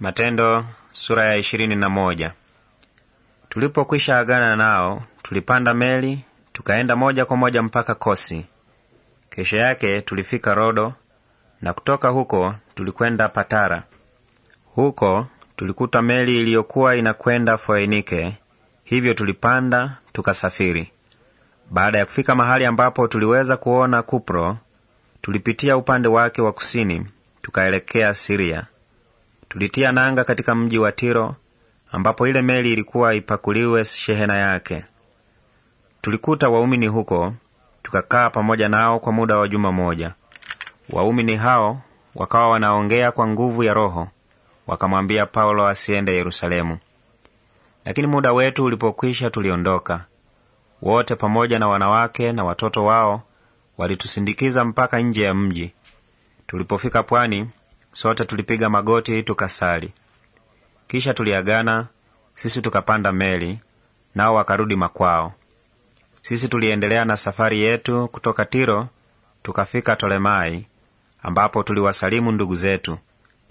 Matendo sura ya ishirini na moja. Tulipokwisha agana nao, tulipanda meli tukaenda moja kwa moja mpaka Kosi. Kesho yake tulifika Rodo, na kutoka huko tulikwenda Patara. Huko tulikuta meli iliyokuwa inakwenda Foinike, hivyo tulipanda tukasafiri. Baada ya kufika mahali ambapo tuliweza kuona Kupro, tulipitia upande wake wa kusini tukaelekea Siria. Tulitia nanga katika mji wa Tiro ambapo ile meli ilikuwa ipakuliwe shehena yake. Tulikuta waumini huko, tukakaa pamoja nao kwa muda wa juma moja. Waumini hao wakawa wanaongea kwa nguvu ya Roho, wakamwambia Paulo asiende Yerusalemu. Lakini muda wetu ulipokwisha, tuliondoka wote pamoja na wanawake na watoto wao walitusindikiza mpaka nje ya mji. Tulipofika pwani, Sote tulipiga magoti tukasali, kisha tuliagana. Sisi tukapanda meli, nao wakarudi makwao. Sisi tuliendelea na safari yetu kutoka Tiro tukafika Tolemai, ambapo tuliwasalimu ndugu zetu,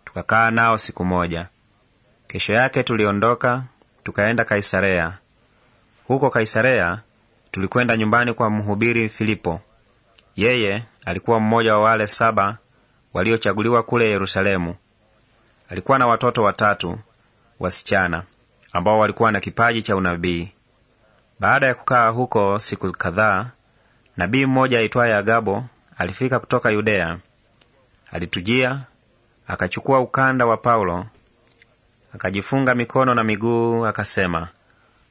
tukakaa nao siku moja. Kesho yake tuliondoka tukaenda Kaisarea. Huko Kaisarea tulikwenda nyumbani kwa mhubiri Filipo. Yeye alikuwa mmoja wa wale saba waliochaguliwa kule Yerusalemu. Alikuwa na watoto watatu wasichana ambao walikuwa na kipaji cha unabii. Baada ya kukaa huko siku kadhaa, nabii mmoja aitwaye Agabo alifika kutoka Yudea. Alitujia, akachukua ukanda wa Paulo, akajifunga mikono na miguu, akasema,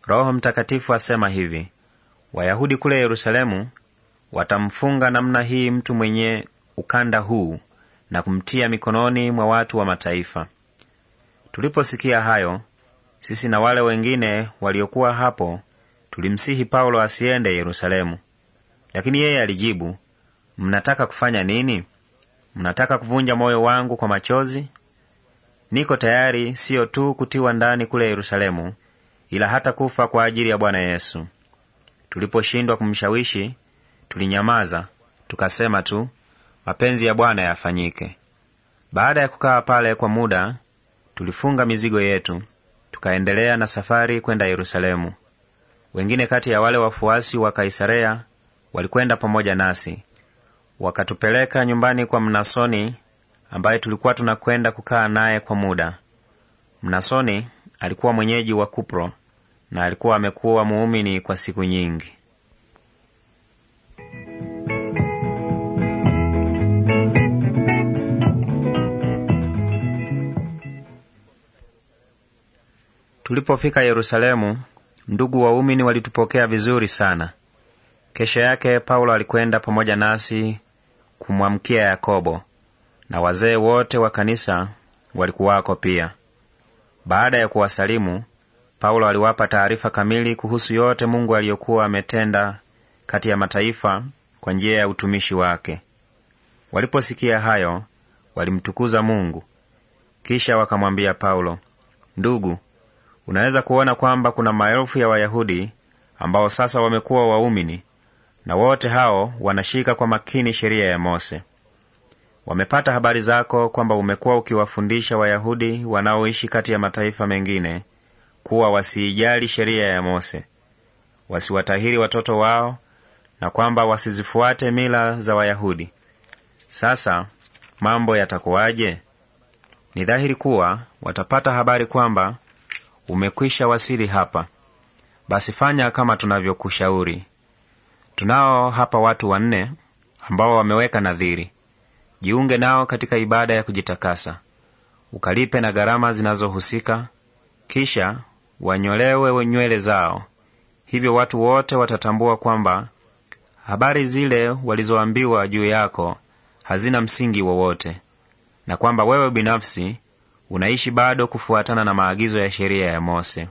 Roho Mtakatifu asema hivi, Wayahudi kule Yerusalemu watamfunga namna hii mtu mwenye ukanda huu na kumtia mikononi mwa watu wa mataifa. Tuliposikia hayo, sisi na wale wengine waliokuwa hapo tulimsihi Paulo asiende Yerusalemu, lakini yeye alijibu, mnataka kufanya nini? Mnataka kuvunja moyo wangu kwa machozi? Niko tayari siyo tu kutiwa ndani kule Yerusalemu, ila hata kufa kwa ajili ya Bwana Yesu. Tuliposhindwa kumshawishi, tulinyamaza tukasema tu, mapenzi ya Bwana yafanyike. Baada ya kukaa pale kwa muda, tulifunga mizigo yetu tukaendelea na safari kwenda Yerusalemu. Wengine kati ya wale wafuasi wa kaisareya walikwenda pamoja nasi, wakatupeleka nyumbani kwa Mnasoni ambaye tulikuwa tunakwenda kukaa naye kwa muda. Mnasoni alikuwa mwenyeji wa Kupro na alikuwa amekuwa muumini kwa siku nyingi. Tulipofika Yerusalemu, ndugu waumini walitupokea vizuri sana. Kesho yake Paulo alikwenda pamoja nasi kumwamkia Yakobo, na wazee wote wa kanisa walikuwako pia. Baada ya kuwasalimu, Paulo aliwapa taarifa kamili kuhusu yote Mungu aliyokuwa ametenda kati ya mataifa kwa njia ya utumishi wake. Waliposikia hayo, walimtukuza Mungu. Kisha wakamwambia Paulo, ndugu, Unaweza kuona kwamba kuna maelfu ya Wayahudi ambao sasa wamekuwa waumini, na wote hao wanashika kwa makini sheria ya Mose. Wamepata habari zako kwamba umekuwa ukiwafundisha Wayahudi wanaoishi kati ya mataifa mengine kuwa wasiijali sheria ya Mose, wasiwatahiri watoto wao, na kwamba wasizifuate mila za Wayahudi. Sasa mambo yatakuwaje? Ni dhahiri kuwa watapata habari kwamba umekwisha wasili hapa, basi fanya kama tunavyokushauri. Tunao hapa watu wanne ambao wameweka nadhiri. Jiunge nao katika ibada ya kujitakasa, ukalipe na gharama zinazohusika, kisha wanyolewe nywele zao. Hivyo watu wote watatambua kwamba habari zile walizoambiwa juu yako hazina msingi wowote, na kwamba wewe binafsi unaishi bado kufuatana na maagizo ya sheria ya Mose.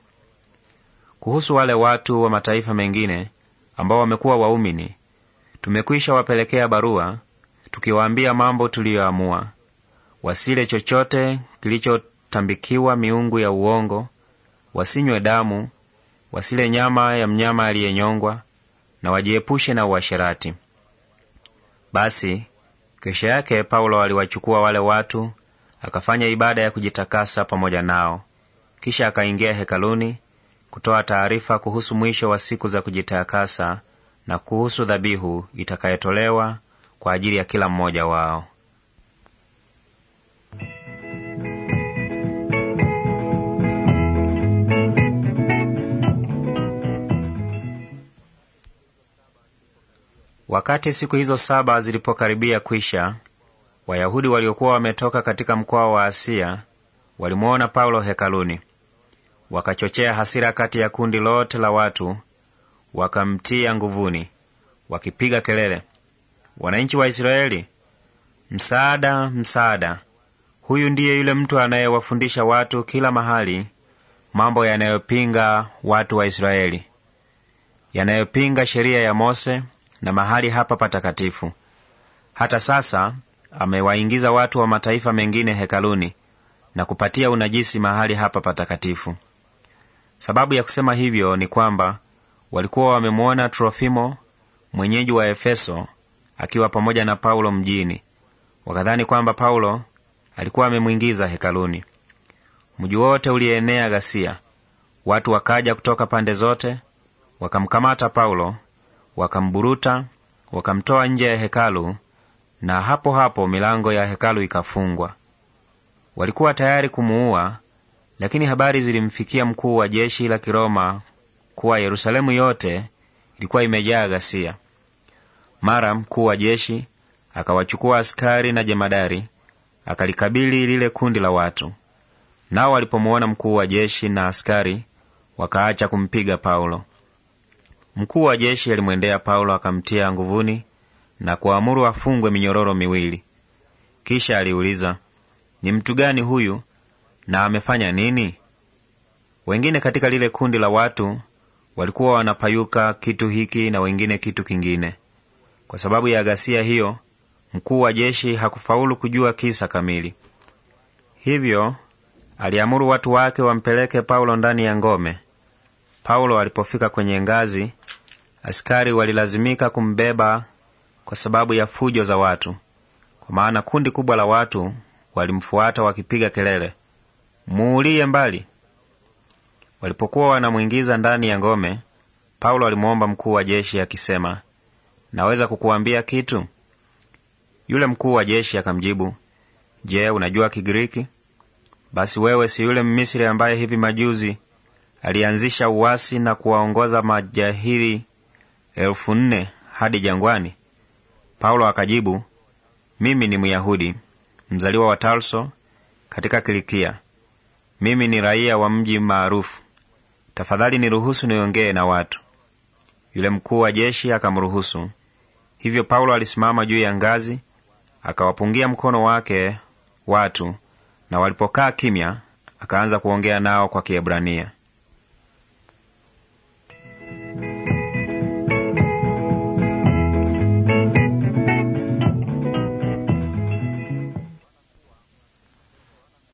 Kuhusu wale watu wa mataifa mengine ambao wamekuwa waumini, tumekwisha wapelekea barua tukiwaambia mambo tuliyoamua: wasile chochote kilichotambikiwa miungu ya uongo, wasinywe damu, wasile nyama ya mnyama aliyenyongwa, na wajiepushe na uasherati. Basi kesho yake Paulo aliwachukua wale watu akafanya ibada ya kujitakasa pamoja nao. Kisha akaingia hekaluni kutoa taarifa kuhusu mwisho wa siku za kujitakasa na kuhusu dhabihu itakayotolewa kwa ajili ya kila mmoja wao. Wakati siku hizo saba zilipokaribia kwisha, Wayahudi waliokuwa wametoka katika mkoa wa Asia walimwona Paulo hekaluni, wakachochea hasira kati ya kundi lote la watu, wakamtia nguvuni, wakipiga kelele, wananchi wa Israeli, msaada! Msaada! Huyu ndiye yule mtu anayewafundisha watu kila mahali mambo yanayopinga watu wa Israeli, yanayopinga sheria ya Mose na mahali hapa patakatifu. Hata sasa amewaingiza watu wa mataifa mengine hekaluni na kupatia unajisi mahali hapa patakatifu. Sababu ya kusema hivyo ni kwamba walikuwa wamemwona Trofimo mwenyeji wa Efeso akiwa pamoja na Paulo mjini, wakadhani kwamba Paulo alikuwa amemwingiza hekaluni. Mji wote ulienea ghasia, watu wakaja kutoka pande zote, wakamkamata Paulo, wakamburuta, wakamtoa nje ya hekalu na hapo hapo milango ya hekalu ikafungwa. Walikuwa tayari kumuua, lakini habari zilimfikia mkuu wa jeshi la Kiroma kuwa Yerusalemu yote ilikuwa imejaa ghasia. Mara mkuu wa jeshi akawachukua askari na jemadari, akalikabili lile kundi la watu. Nao walipomuona mkuu wa jeshi na askari, wakaacha kumpiga Paulo. Mkuu wa jeshi alimwendea Paulo akamtia nguvuni na kuamuru afungwe minyororo miwili. Kisha aliuliza, ni mtu gani huyu na amefanya nini? Wengine katika lile kundi la watu walikuwa wanapayuka kitu hiki na wengine kitu kingine. Kwa sababu ya ghasia hiyo, mkuu wa jeshi hakufaulu kujua kisa kamili, hivyo aliamuru watu wake wampeleke Paulo ndani ya ngome. Paulo alipofika kwenye ngazi, askari walilazimika kumbeba kwa sababu ya fujo za watu, kwa maana kundi kubwa la watu walimfuata wakipiga kelele, muulie mbali. Walipokuwa wanamwingiza ndani ya ngome, Paulo alimwomba mkuu wa jeshi akisema, naweza kukuambia kitu? Yule mkuu wa jeshi akamjibu, je, unajua Kigiriki? Basi wewe si yule Mmisiri ambaye hivi majuzi alianzisha uasi na kuwaongoza majahili elfu nne hadi jangwani? paulo akajibu mimi ni myahudi mzaliwa wa tarso katika kilikia mimi ni raia wa mji maarufu tafadhali niruhusu niongee na watu yule mkuu wa jeshi akamruhusu hivyo paulo alisimama juu ya ngazi akawapungia mkono wake watu na walipokaa kimya akaanza kuongea nao kwa kiebrania